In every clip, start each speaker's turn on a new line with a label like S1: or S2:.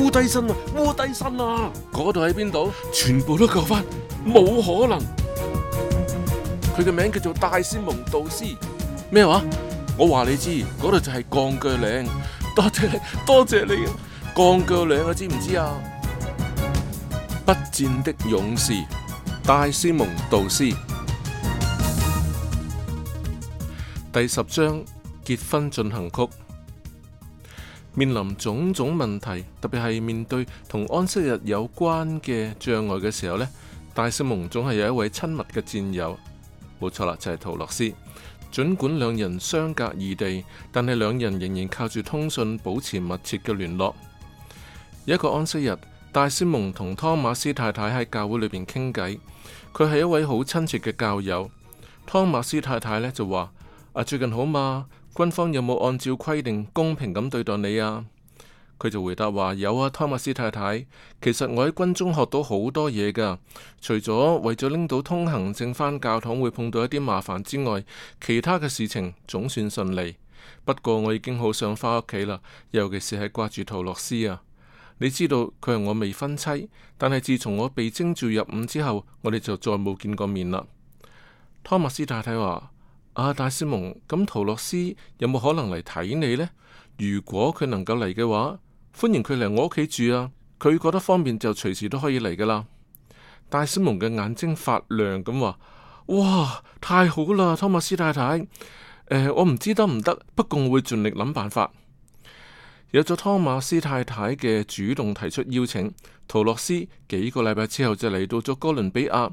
S1: 烏低身啊，烏低身啊！嗰度喺邊度？全部都救翻，冇可能。佢嘅名叫做戴斯蒙杜斯，咩話？我話你知，嗰度就係鋼鋸嶺。多謝你，多謝你。鋼鋸嶺啊，知唔知啊？不戰的勇士，戴斯蒙杜斯，第十章結婚進行曲。面臨種種問題，特別係面對同安息日有關嘅障礙嘅時候呢，戴斯蒙總係有一位親密嘅戰友，冇錯啦，就係、是、陶洛斯。盡管兩人相隔異地，但係兩人仍然靠住通訊保持密切嘅聯絡。有一個安息日，戴斯蒙同湯馬斯太太喺教會裏邊傾偈，佢係一位好親切嘅教友。湯馬斯太太呢就話：啊，最近好嘛？軍方有冇按照規定公平咁對待你啊？佢就回答話：有啊，湯姆斯太太。其實我喺軍中學到好多嘢㗎，除咗為咗拎到通行證返教堂會碰到一啲麻煩之外，其他嘅事情總算順利。不過我已經好想翻屋企啦，尤其是係掛住陶洛斯啊。你知道佢係我未婚妻，但係自從我被征召入伍之後，我哋就再冇見過面啦。湯姆斯太太話。啊，戴斯蒙，咁陶洛斯有冇可能嚟睇你呢？如果佢能夠嚟嘅話，歡迎佢嚟我屋企住啊！佢覺得方便就隨時都可以嚟噶啦。戴斯蒙嘅眼睛發亮咁話：哇，太好啦！托馬斯太太，誒，我唔知得唔得，不過我會盡力諗辦法。有咗托馬斯太太嘅主動提出邀請，陶洛斯幾個禮拜之後就嚟到咗哥倫比亞。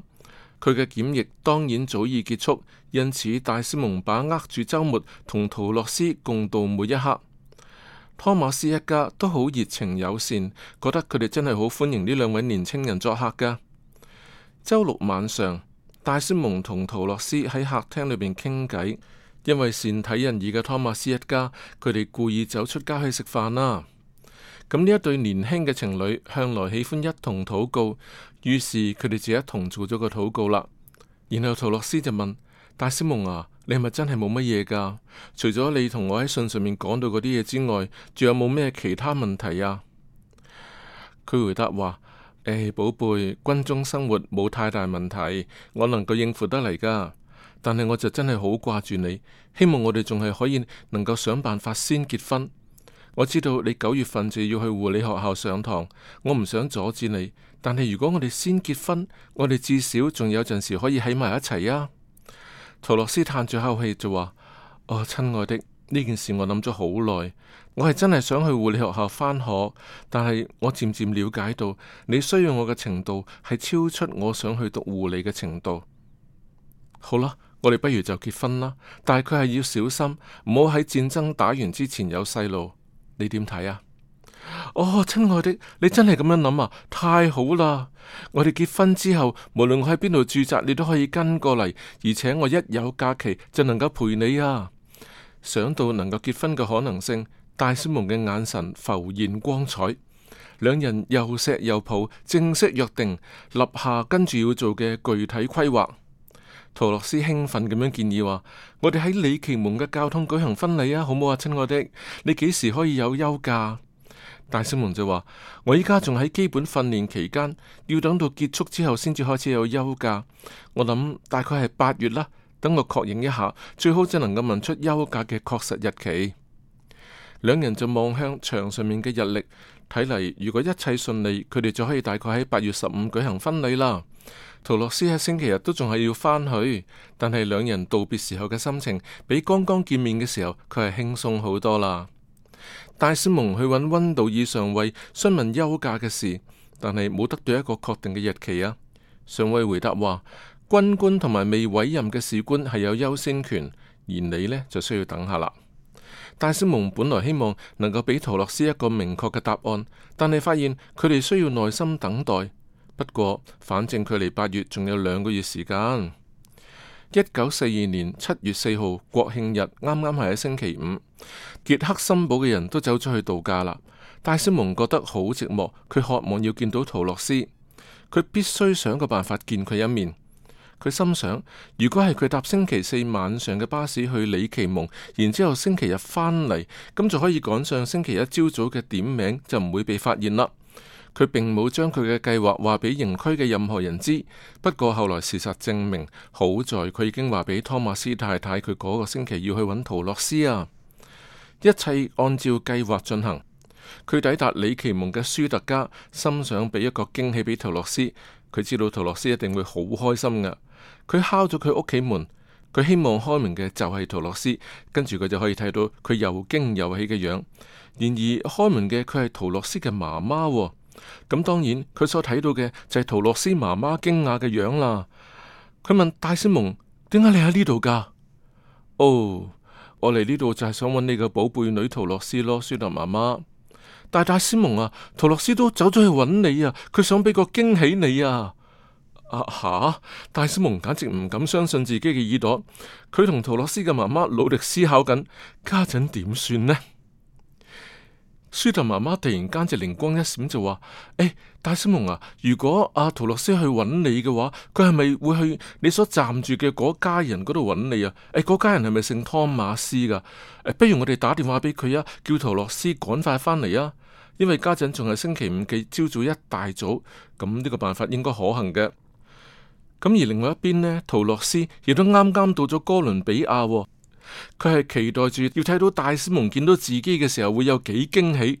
S1: 佢嘅檢疫當然早已結束，因此戴斯蒙把握住周末同陶洛斯共度每一刻。托馬斯一家都好熱情友善，覺得佢哋真係好歡迎呢兩位年青人作客㗎。周六晚上，戴斯蒙同陶洛斯喺客廳裏邊傾偈，因為善體人意嘅托馬斯一家，佢哋故意走出街去食飯啦。咁呢一對年輕嘅情侶向來喜歡一同禱告，於是佢哋就一同做咗個禱告啦。然後陶洛斯就問：戴斯蒙啊，你係咪真係冇乜嘢噶？除咗你同我喺信上面講到嗰啲嘢之外，仲有冇咩其他問題啊？佢回答話：唉、哎，寶貝，軍中生活冇太大問題，我能夠應付得嚟噶。但係我就真係好掛住你，希望我哋仲係可以能夠想辦法先結婚。我知道你九月份就要去護理學校上堂，我唔想阻止你。但係如果我哋先結婚，我哋至少仲有陣時可以喺埋一齊啊。陶樂斯嘆住口氣就話：「哦，親愛的，呢件事我諗咗好耐，我係真係想去護理學校返學，但係我漸漸了解到你需要我嘅程度係超出我想去讀護理嘅程度。好啦，我哋不如就結婚啦。但係佢係要小心，唔好喺戰爭打完之前有細路。你點睇啊？哦，親愛的，你真係咁樣諗啊，太好啦！我哋結婚之後，無論我喺邊度住宅，你都可以跟過嚟，而且我一有假期就能夠陪你啊！想到能夠結婚嘅可能性，戴斯蒙嘅眼神浮現光彩，兩人又錫又抱，正式約定立下跟住要做嘅具體規劃。陶樂斯興奮咁樣建議話：，我哋喺李奇門嘅教堂舉行婚禮啊，好唔好啊，親愛的？你幾時可以有休假？戴斯蒙就話：，我依家仲喺基本訓練期間，要等到結束之後先至開始有休假。我諗大概係八月啦，等我確認一下，最好只能夠問出休假嘅確實日期。兩人就望向牆上面嘅日曆，睇嚟如果一切順利，佢哋就可以大概喺八月十五舉行婚禮啦。陶洛斯喺星期日都仲係要返去，但係兩人道別時候嘅心情，比剛剛見面嘅時候佢係輕鬆好多啦。戴斯蒙去揾温道爾上尉詢問休假嘅事，但係冇得到一個確定嘅日期啊。上尉回答話，軍官同埋未委任嘅士官係有優先權，而你呢就需要等下啦。戴斯蒙本來希望能夠俾陶洛斯一個明確嘅答案，但係發現佢哋需要耐心等待。不過，反正距離八月仲有兩個月時間。一九四二年七月四號國慶日，啱啱係喺星期五，傑克森堡嘅人都走咗去度假啦。戴斯蒙覺得好寂寞，佢渴望要見到陶洛斯，佢必須想個辦法見佢一面。佢心想，如果係佢搭星期四晚上嘅巴士去里奇蒙，然之後星期日返嚟，咁就可以趕上星期一朝早嘅點名，就唔會被發現啦。佢並冇將佢嘅計劃話俾營區嘅任何人知。不過後來事實證明，好在佢已經話俾托馬斯太太佢嗰個星期要去揾陶洛斯啊。一切按照計劃進行。佢抵達李奇蒙嘅舒特家，心想俾一個驚喜俾陶洛斯。佢知道陶洛斯一定會好開心噶。佢敲咗佢屋企門，佢希望開門嘅就係陶洛斯，跟住佢就可以睇到佢又驚又喜嘅樣。然而開門嘅佢係陶洛斯嘅媽媽。咁當然，佢所睇到嘅就係陶洛斯媽媽驚訝嘅樣啦。佢問戴斯蒙，點解你喺呢度噶？哦，我嚟呢度就係想揾你個寶貝女陶洛斯咯，舒特媽媽。但戴斯蒙啊，陶洛斯都走咗去揾你啊，佢想俾個驚喜你啊！啊吓，戴斯蒙簡直唔敢相信自己嘅耳朵。佢同陶洛斯嘅媽媽努力思考緊家陣點算呢？舒特媽媽突然間就靈光一閃，就話：誒，戴斯蒙啊，如果阿陶、啊、洛斯去揾你嘅話，佢係咪會去你所站住嘅嗰家人嗰度揾你啊？誒、欸，嗰家人係咪姓湯馬斯噶？不、欸、如我哋打電話俾佢啊，叫陶洛斯趕快翻嚟啊，因為家陣仲係星期五嘅朝早一大早，咁呢個辦法應該可行嘅。咁而另外一邊呢，陶洛斯亦都啱啱到咗哥倫比亞、啊。佢係期待住要睇到戴斯蒙見到自己嘅時候會有幾驚喜，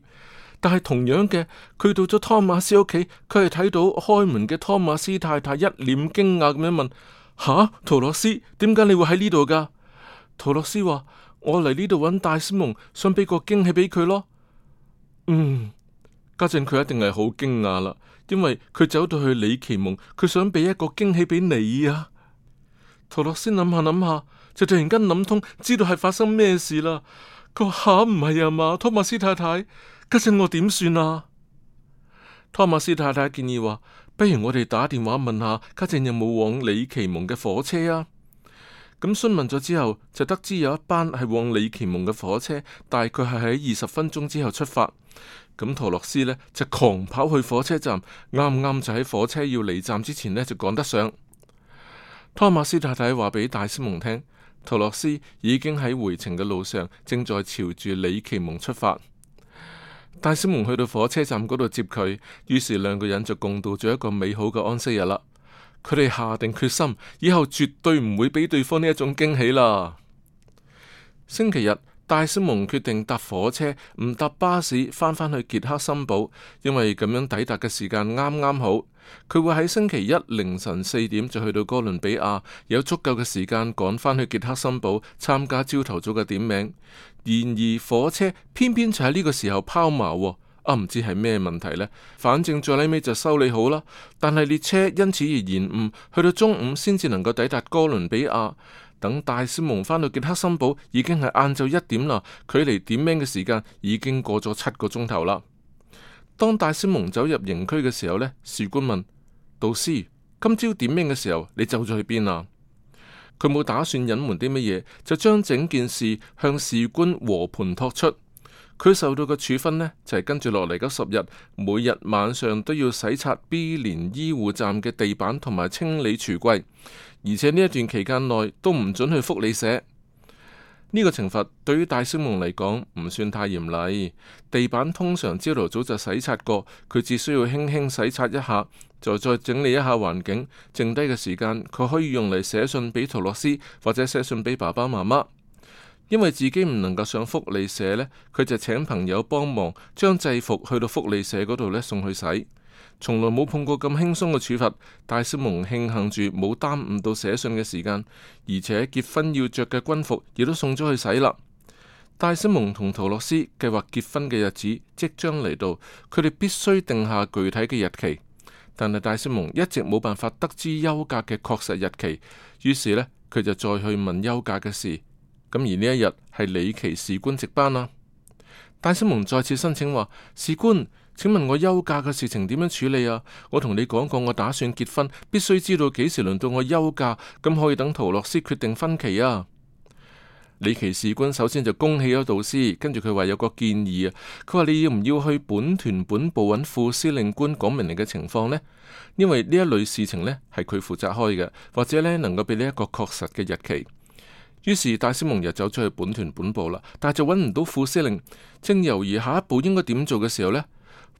S1: 但係同樣嘅，佢到咗托馬斯屋企，佢係睇到開門嘅托馬斯太太一臉驚訝咁樣問：吓、啊，陶洛斯，點解你會喺呢度噶？陶洛斯話：我嚟呢度揾戴斯蒙，想俾個驚喜俾佢咯。嗯，家陣佢一定係好驚訝啦，因為佢走到去李奇蒙，佢想俾一個驚喜俾你啊。陶洛斯諗下諗下。就突然間諗通，知道係發生咩事啦。佢話，吓，唔係啊嘛，托馬斯太太，家陣我點算啊？托馬斯太太建議話，不如我哋打電話問下家陣有冇往里奇蒙嘅火車啊？咁詢問咗之後，就得知有一班係往里奇蒙嘅火車，大概係喺二十分鐘之後出發。咁陀洛斯呢，就狂跑去火車站，啱啱就喺火車要離站之前呢，就趕得上。托馬斯太太話俾戴斯蒙聽。陶洛斯已經喺回程嘅路上，正在朝住里奇蒙出發。戴斯蒙去到火車站嗰度接佢，於是兩個人就共度咗一個美好嘅安息日啦。佢哋下定決心，以後絕對唔會俾對方呢一種驚喜啦。星期日。戴斯蒙決定搭火車唔搭巴士翻返去傑克森堡，因為咁樣抵達嘅時間啱啱好，佢會喺星期一凌晨四點就去到哥倫比亞，有足夠嘅時間趕返去傑克森堡參加朝頭早嘅點名。然而火車偏偏就喺呢個時候拋錨，啊唔知係咩問題呢？反正最尾就修理好啦。但係列車因此而延誤，去到中午先至能夠抵達哥倫比亞。等戴斯蒙返到傑克森堡，已經係晏晝一點啦。距離點名嘅時間已經過咗七個鐘頭啦。當戴斯蒙走入營區嘅時候呢，士官問：導師今朝點名嘅時候，你走咗去邊呀？佢冇打算隱瞞啲乜嘢，就將整件事向士官和盤托出。佢受到嘅處分呢，就係跟住落嚟嗰十日，每日晚上都要洗刷 B 連醫護站嘅地板同埋清理櫥櫃。而且呢一段期間內都唔准去福利社。呢個懲罰對於戴斯蒙嚟講唔算太嚴厲。地板通常朝頭早就洗刷過，佢只需要輕輕洗刷一下，就再整理一下環境。剩低嘅時間，佢可以用嚟寫信俾陶洛斯，或者寫信俾爸爸媽媽。因為自己唔能夠上福利社呢，佢就請朋友幫忙將制服去到福利社嗰度呢，送去洗。從來冇碰過咁輕鬆嘅處罰，戴斯蒙慶幸住冇耽誤到寫信嘅時間，而且結婚要着嘅軍服亦都送咗去洗啦。戴斯蒙同陶洛斯計劃結婚嘅日子即將嚟到，佢哋必須定下具體嘅日期，但係戴斯蒙一直冇辦法得知休假嘅確實日期，於是呢，佢就再去問休假嘅事。咁而呢一日係李奇士官值班啦，戴斯蒙再次申請話士官。請問我休假嘅事情點樣處理啊？我同你講過，我打算結婚，必須知道幾時輪到我休假。咁可以等陶樂斯決定婚期啊？李奇士官首先就恭喜咗導師，跟住佢話有個建議啊。佢話，你要唔要去本團本部揾副司令官講明你嘅情況呢？因為呢一類事情呢係佢負責開嘅，或者呢能夠俾呢一個確實嘅日期。於是戴斯蒙日走出去本團本部啦，但係就揾唔到副司令，正猶豫下一步應該點做嘅時候呢。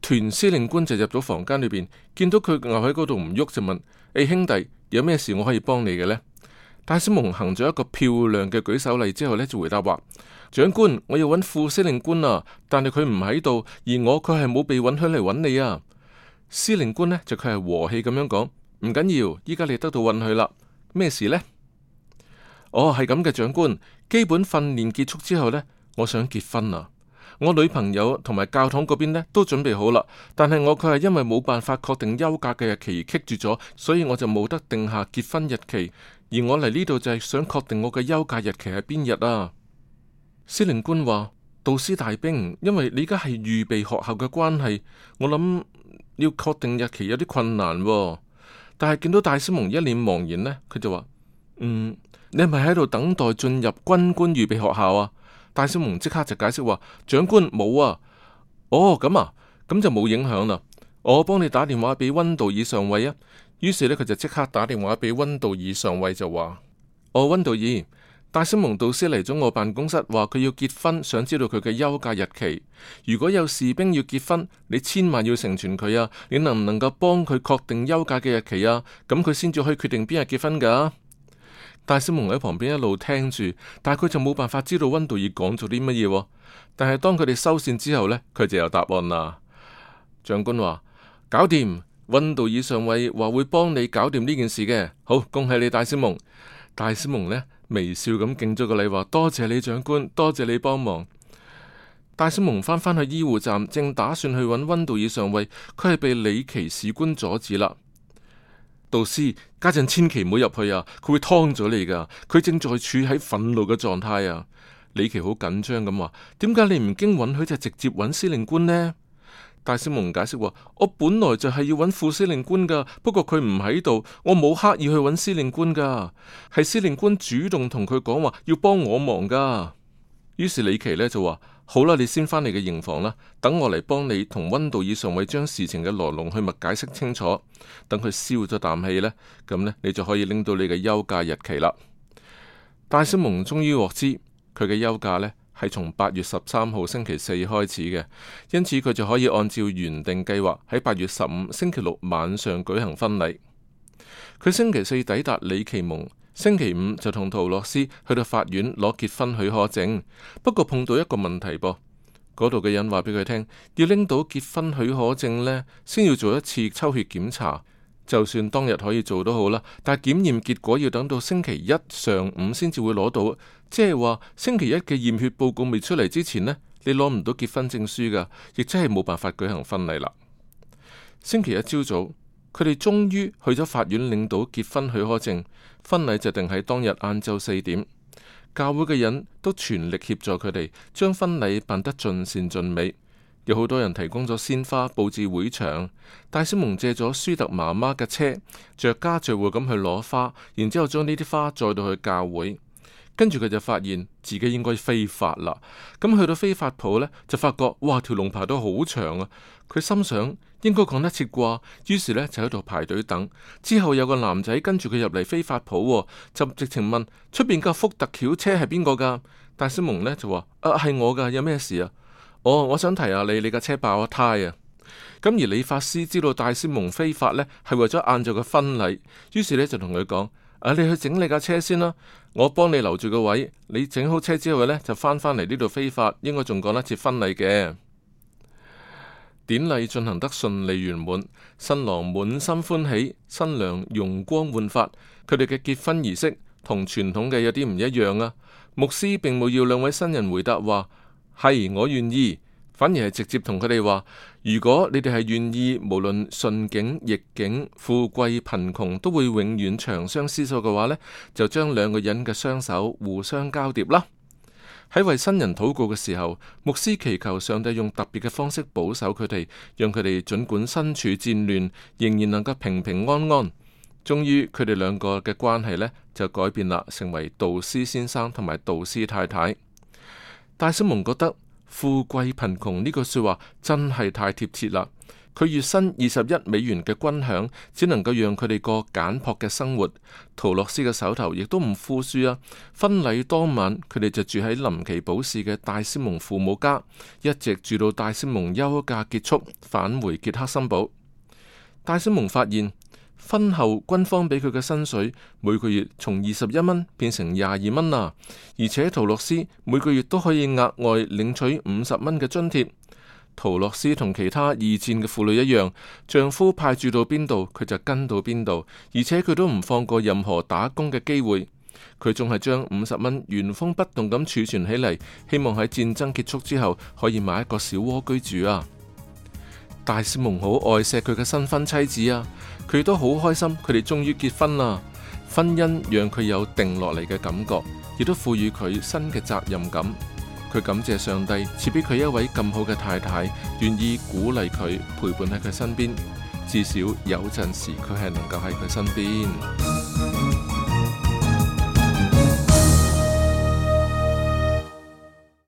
S1: 團司令官就入到房間裏邊，見到佢臥喺嗰度唔喐，就問：誒、欸，兄弟，有咩事我可以幫你嘅呢？」戴斯蒙行咗一個漂亮嘅舉手禮之後呢就回答話：長官，我要揾副司令官啊，但係佢唔喺度，而我佢係冇被允許嚟揾你啊。司令官呢就佢係和氣咁樣講：唔緊要，依家你得到允許啦。咩事呢？哦，係咁嘅，長官。基本訓練結束之後呢，我想結婚啦。我女朋友同埋教堂嗰邊呢都準備好啦，但係我佢係因為冇辦法確定休假嘅日期而棘住咗，所以我就冇得定下結婚日期。而我嚟呢度就係想確定我嘅休假日期係邊日啊！司令官話：杜斯大兵，因為你而家係預備學校嘅關係，我諗要確定日期有啲困難喎。但係見到戴斯蒙一臉茫然呢，佢就話：嗯，你係咪喺度等待進入軍官預備學校啊？戴斯蒙即刻就解釋話：長官冇啊，哦咁啊，咁就冇影響啦。我幫你打電話俾温杜爾上尉啊。於是呢，佢就即刻打電話俾温杜爾上尉，就話：哦，温杜爾，戴斯蒙杜斯嚟咗我辦公室，話佢要結婚，想知道佢嘅休假日期。如果有士兵要結婚，你千萬要成全佢啊！你能唔能夠幫佢確定休假嘅日期啊？咁佢先至可以決定邊日結婚噶、啊。戴斯蒙喺旁邊一路聽住，但係佢就冇辦法知道温度爾講咗啲乜嘢。但係當佢哋收線之後呢，佢就有答案啦。長官話：搞掂，温度爾上尉話會幫你搞掂呢件事嘅。好，恭喜你，戴斯蒙。戴斯蒙呢微笑咁敬咗個禮，話多謝你，長官，多謝你幫忙。戴斯蒙翻返去醫護站，正打算去搵温度爾上尉，佢係被李奇士官阻止啦。道斯，家陣千祈唔好入去啊！佢會㓥咗你噶，佢正在處喺憤怒嘅狀態啊！李奇好緊張咁話：點解你唔經允許就直接揾司令官呢？戴斯蒙解釋話：我本來就係要揾副司令官噶，不過佢唔喺度，我冇刻意去揾司令官噶，係司令官主動同佢講話要幫我忙噶。於是李奇呢就話。好啦，你先返嚟嘅營房啦，等我嚟幫你同溫度以上位將事情嘅來龍去脈解釋清楚。等佢消咗啖氣呢，咁呢，你就可以拎到你嘅休假日期啦。戴斯蒙終於獲知佢嘅休假呢係從八月十三號星期四開始嘅，因此佢就可以按照原定計劃喺八月十五星期六晚上舉行婚禮。佢星期四抵達李奇蒙。星期五就同陶洛斯去到法院攞結婚許可證，不過碰到一個問題噃，嗰度嘅人話俾佢聽，要拎到結婚許可證呢，先要做一次抽血檢查。就算當日可以做都好啦，但係檢驗結果要等到星期一上午先至會攞到，即係話星期一嘅驗血報告未出嚟之前呢，你攞唔到結婚證書㗎，亦真係冇辦法舉行婚禮啦。星期一朝早。佢哋終於去咗法院領到結婚許可證，婚禮就定喺當日晏晝四點。教會嘅人都全力協助佢哋，將婚禮辦得盡善盡美。有好多人提供咗鮮花布置會場，戴斯蒙借咗舒特媽媽嘅車，着家聚會咁去攞花，然之後將呢啲花載到去教會。跟住佢就發現自己應該飛髮啦，咁去到飛髮舖呢，就發覺哇條龍排到好長啊！佢心想應該講得切啩，於是呢，就喺度排隊等。之後有個男仔跟住佢入嚟飛髮舖、哦，就直情問出邊架福特轎車係邊個噶？戴斯蒙呢就話啊係我噶，有咩事啊？哦，我想提下你，你架車爆咗胎啊！咁而理髮師知道戴斯蒙飛髮呢係為咗晏晝嘅婚禮，於是呢，就同佢講。啊！你去整理架車先啦，我幫你留住個位。你整好車之後呢，就翻返嚟呢度飛髮，應該仲趕得切婚禮嘅。典禮進行得順利圓滿，新郎滿心歡喜，新娘容光煥發。佢哋嘅結婚儀式同傳統嘅有啲唔一樣啊！牧師並冇要兩位新人回答話係我願意。反而係直接同佢哋話：如果你哋係願意，無論順境逆境、富貴貧窮，都會永遠長相厮守嘅話呢，就將兩個人嘅雙手互相交疊啦。喺為新人禱告嘅時候，牧師祈求上帝用特別嘅方式保守佢哋，讓佢哋盡管身處戰亂，仍然能夠平平安安。終於，佢哋兩個嘅關係呢，就改變啦，成為杜斯先生同埋杜斯太太。戴斯蒙覺得。富貴貧窮呢句說話真係太貼切啦！佢月薪二十一美元嘅軍餉，只能夠讓佢哋過簡樸嘅生活。陶洛斯嘅手頭亦都唔富庶啊！婚禮當晚，佢哋就住喺林奇堡市嘅戴斯蒙父母家，一直住到戴斯蒙休假結束，返回傑克森堡。戴斯蒙發現。婚後，軍方俾佢嘅薪水每個月從二十一蚊變成廿二蚊啦，而且陶洛斯每個月都可以額外領取五十蚊嘅津貼。陶洛斯同其他二戰嘅婦女一樣，丈夫派駐到邊度，佢就跟到邊度，而且佢都唔放過任何打工嘅機會。佢仲係將五十蚊原封不動咁儲存起嚟，希望喺戰爭結束之後可以買一個小窩居住啊！戴斯蒙好愛錫佢嘅新婚妻子啊，佢都好開心，佢哋終於結婚啦。婚姻讓佢有定落嚟嘅感覺，亦都賦予佢新嘅責任感。佢感謝上帝賜俾佢一位咁好嘅太太，願意鼓勵佢，陪伴喺佢身邊。至少有陣時佢係能夠喺佢身邊。